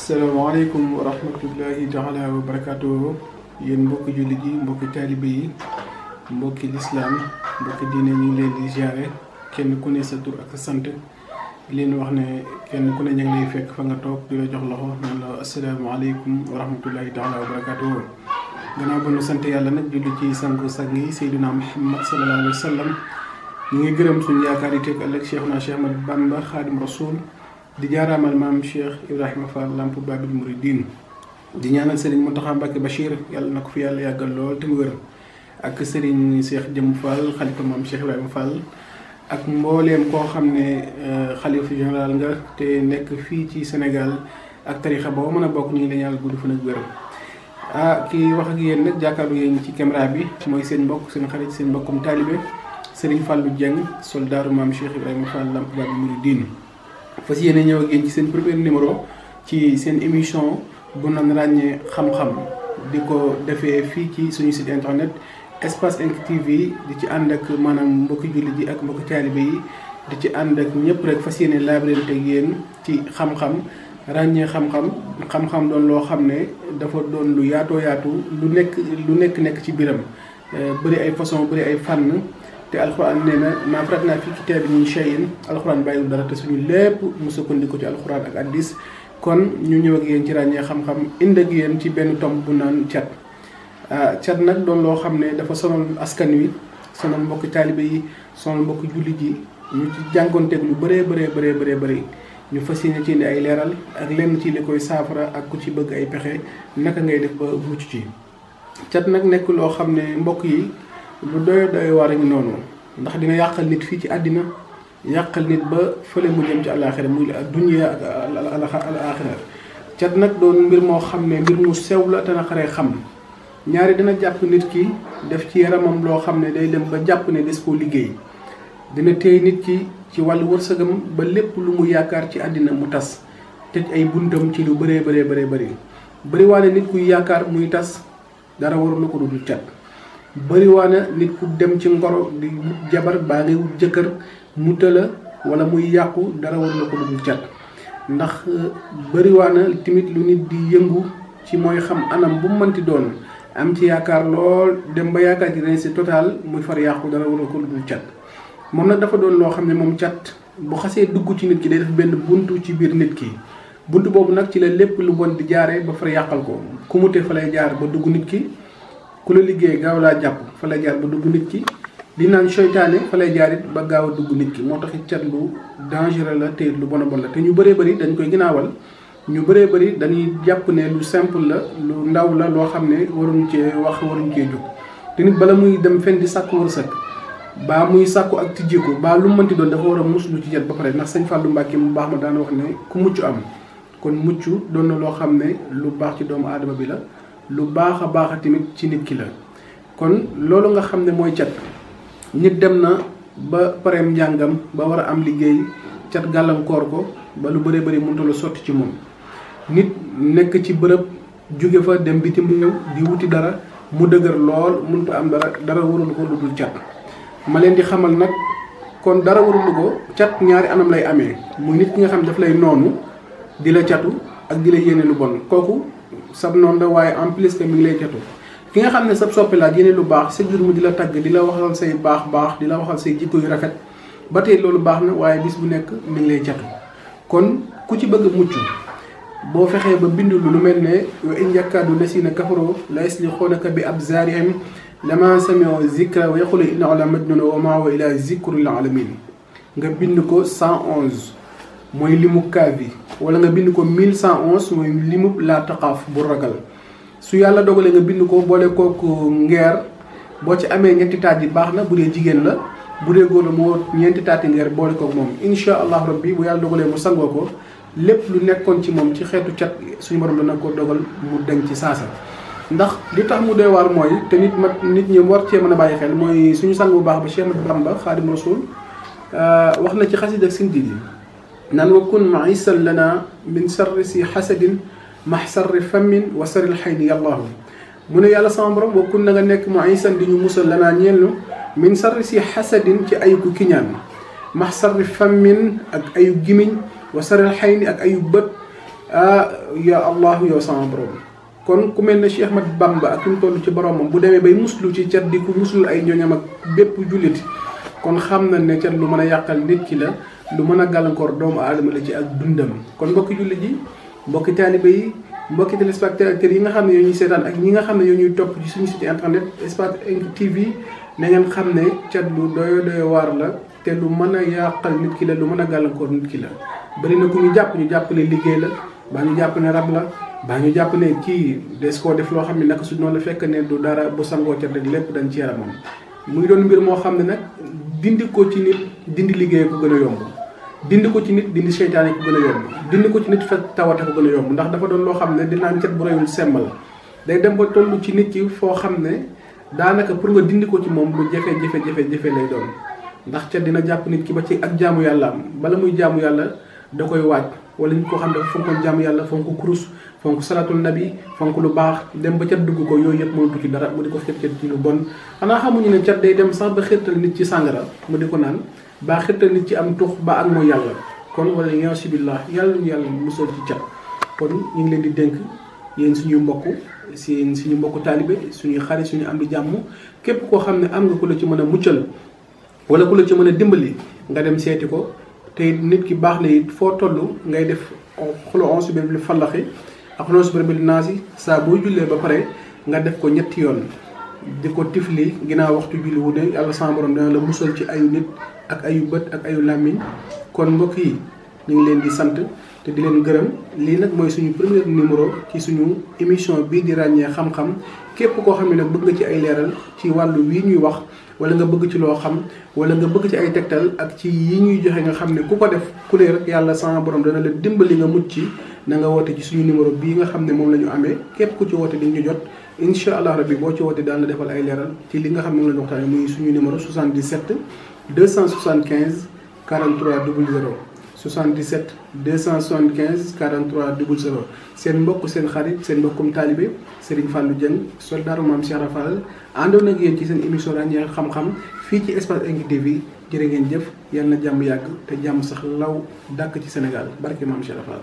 salaamaaleykum wa rahmatullahi taala wa barakaatu yéen mbokki jullit yi mbokki taalibe yi mbokki lislaam mbokki diine ñu ngi leen di ziare kenn ku ne sa tur ak sa sant leen wax ne kenn ku ne ñu ngi fekk fa nga toog di la jox loxo naan la asalaamaaleykum wa rahmatullahi taala wa barakaatu gannaaw ba nu sant yàlla nag julli ci sangu sang yi Seydina Muhammad sallallahu alayhi wa sallam mu ngi gërëm suñu yaakaar yi teg ëllëg Cheikhuna Cheikh Ahmad Bamba di jaaraamal maam Cheikh Ibrahima Fall Lamp Babil Mouridine di ñaanal Serigne Mountakha Mbacké Bachir yàlla na ko fi yàlla yàggal lool te mu wér ak Serigne Cheikh Jëm Fall xalifa maam Cheikh Ibrahima Fall ak mbooleem koo xam ne euh, xalifa général nga te nekk fii ci senegal ak tarixa boo mën a bokk ñu ngi la ñaanal gudd fan ak wér. Ah, kii wax ak yéen nag jàkkaarloo yéen ci caméra bi mooy seen mbokk seen xarit seen mbokkum taalibe Serigne Fallou Dieng soldaaru maam Cheikh Ibrahima Fall Lamp Babil Mouridine voici une ñëw premier numéro ci une émission bu qui xam-xam diko défé sur site internet espace inc tv di ci ak ak yi di ci ak rek ci xam-xam xam-xam xam-xam dafa doon te alxuraan nee na maa faratnaa fii kitaabi min shay'in alxuraan bàyyiwul dara te suñu lépp mu sukkandiku ci alxuraan ak addis kon ñu ñëw ak yéen ci ràññee xam-xam ind ak yéen ci benn tomb bu naan cat ah, cat nag doon loo xam ne dafa sonal askan wi sonal mbokki taalibe yi sonal mbokki jullit yi ñu ci jànkoonteeg lu bëree bëree bëree bëree bëri ñu fas yéene ci indi ay leeral ak lenn ci li koy saafara ak ku ci bëgg ay pexe naka ngay def ba mucc ci cat nag nekk loo xam ne mbokk yi lu doy doy war ak noonu ndax dina yàqal nit fii ci àddina yàqal nit ba fële mu jëm ci àllaaxira muy dunya ak àllaaxira cat nag doon mbir moo xam ne mbir mu sew la te xam ñaari dina jàpp nit ki def ci yaramam loo xam ne day dem ba jàpp ne des koo liggéey dina téye nit ki ci wàllu wërsëgam ba lépp lu mu yaakaar ci àddina mu tas tëj ay buntam ci lu bëree bëree bëree bëri bëriwaale nit kuy yaakaar muy tas dara warul ko dul cat bëriwaana nit ku dem ci ngoro di wut jabar baa ngay jëkkër mu tëla wala muy yàqu dara war na ko dul cat ndax euh, bëriwaana tamit lu nit di yëngu ci mooy xam anam bu mu mënti doon am ci yaakaar lool dem ba yaakaar ci réussite totale muy far yàqu dara war na ko dul cat moom nag dafa doon loo xam ne moom cat bu xasee dugg ci nit ki day def benn buntu ci biir nit ki buntu boobu nag ci la lépp lu bon di jaaree ba far yàqal ko kumute fa lay jaar ba dugg nit ki ku la liggéey gaaw laa jàpp fa lay ba dugg nit ki di naan seytaane fa lay it ba gaaw a dugg nit ki moo tax it cat lu dangereux la te lu bon a bon la te ñu bëree bëri dañ koy ginaawal ñu bëree bëri dañuy jàpp ne lu simple la lu ndaw la loo xam ne waruñ cee wax waruñ cee jóg te nit bala muy dem fenn di sàkku wërsëg baa muy sàkku ak tijjiku baa lu mënti doon dafa war a muslu ci cat ba pare ndax sëñ Fallou Mbacke mu baax ma daan wax ne ku mucc am kon mucc doon na loo xam ne lu baax ci doomu aadama bi la lu baax a baax tamit ci nit ki la kon loolu nga xam ne mooy cat nit dem na ba pareem njàngam ba war a am liggéey cat gàllankoor ko ba lu bëree bëri mënta la sotti ci moom nit nekk ci bërëb jóge fa dem bitim réew di wuti dara mu dëgër lool mënta am dara dara warul ko lu dul cat ma leen di xamal nag kon dara warul ko cat ñaari anam lay amee muy nit ki nga xam daf lay noonu di la catu ak di la yéene lu bon kooku sab noonu waaye en plus que mi ngi lay catu ki nga xam ne sab soppi laa yéene lu baax chaque jour mu di la tagg di la waxal say baax baax di la waxal say jikko yu rafet ba tey loolu baax na waaye bis bu nekk mi ngi lay catu kon ku ci bëgg a mucc boo fexee ba bindu lu mel ne wa in yakkaadu lasiina kafaroo la yaslixoonaka bi absaarihim lama samiu zikra wa yaqulu innahu la majnun wa maa huwa illaa zikrun lil aalamiin nga bind ko 111 moy limu kavi wala nga bind ko 1111 moy limu la taqaf bu ragal su yalla dogale nga bind ko ko ko euh, ngeer bo ci amé ñetti taaji baxna bu dé jigen la bu dé góor mo ñetti taati ngeer bolé ko mom insha allah rabbi bu yalla dogale mu sango ko lepp lu nekkon ci mom ci xeetu chat suñu borom la ko dogal mu deñ ci saasa ndax li tax mu doy war moy te nit mat nit ñi war ci mëna a xel moy suñu sang bu baax ba Cheikh Bamba khadim rasoul euh, wax ci xasida ak sin نلوكن معيسا لنا من شر حسد ما حسر فم وسر الحين يا الله من يلا صامر وكن نغنيك معيسا دي موسى لنا نيلو من شر حسد كي أي كينيان ما حسر فم أك أي جمين وسر الحين أك أي بط آه يا الله يا صامر kon ku melni cheikh ahmad bamba ak ñu tollu ci borom bu démé bay muslu ci ciat di ku muslu ay ñoñam ak bép julit kon xam na ne ciat lu mëna yàqal nit ki la lu mën a gàllankoor doomu aadama la ci ak dundam kon mbokki julli ji mbokki taalibe yi mbokki téléspectateurs yi nga xam ne yoo ñuy seetaan ak ñi nga xam ne yoo ñuy topp ci suñu site internet Espace TV na ngeen xam ne lu doyo doyo war la té lu mën yaqal nit ki la lu mën a gàllankoor nit ki la bari na ku ñu japp ñu japp ne liggéey la ba ñu japp né rab la ba ñu japp né ki des ko def lo xam nak suñu su la fekk né du dara bu sango ci rek lepp dañ ci yaramam muy doon mbir mo xam nak dindi ko ci nit dindi liggéey ko gëna a yomb dindi ko ci nit dindi seytaane ko gën a yomb dindi ko ci nit fekk tawate ko gën a yomb ndax dafa doon loo xam ne dinaan cet bu rëyul semb la day dem ba toll ci nit ki foo xam ne daanaka pour nga dindi ko ci moom lu jafe jafe jafe lay doon ndax cet dina jàpp nit ki ba ci ak jaamu yàlla am bala muy jaamu yàlla da koy waaj wala nit koo xam ne dafa fonkoon jaamu yàlla fonk kurus fonk salatul nabi fonk lu baax dem ba cat dugg ko yooyu yëpp mënatu ci dara mu di ko cet ci lu bon xanaa xamuñu ne cat day dem sax ba xirtal nit ci sàngara baax xettal nit ci am tux ba ak mooy yàlla kon wala yansi billah yàlla ñu yàlla musal ci cat kon ñu ngi leen di dénk yéen suñu mbokk seen suñu mbokk taalibe suñuy xarit suñu am di jàmm képp koo xam ne am nga ku la ci mën a muccal wala ku la ci mën a dimbali nga dem seeti ko te nit ki baax na foo toll ngay def xulu onsu bi li fallaxi ak xulu onsu bi li saa boo jullee ba pare nga def ko ñetti yoon di ko tifli ginnaaw waxtu julli wu ne yàlla sama borom dana la musal ci ayu nit ak ayu bët ak ayu làmmiñ kon mbokk yi ñu ngi leen di sant te di leen gërëm lii nag mooy suñu premier numéro ci suñu émission bii di ràññee xam-xam képp koo xam ne nag bëgg nga ci ay leeral ci wàllu wii ñuy wax wala nga bëgg ci loo xam wala nga bëgg ci ay tegtal ak ci yi ñuy joxe nga xam ne ku ko def ku yàlla sama borom dana la dimbali nga mut ci na nga woote ci suñu numéro bii nga xam ne moom la ñu amee képp ku ci woote di ñu jot insha rabbi boo ci woote daan la defal ay leeral ci li nga xam ne moom muy suñu numéro 77 275 43 00 77 275 43 00 seen mbokk seen xarit seen mbokkum talibé serigne fallou dieng soldaru mam cheikh rafal andon ak yeen ci seen émission rañe xam xam fi ci espace ingi tv jere ngeen jëf yalla jamm yag te jamm sax law dak ci sénégal barké mam cheikh rafal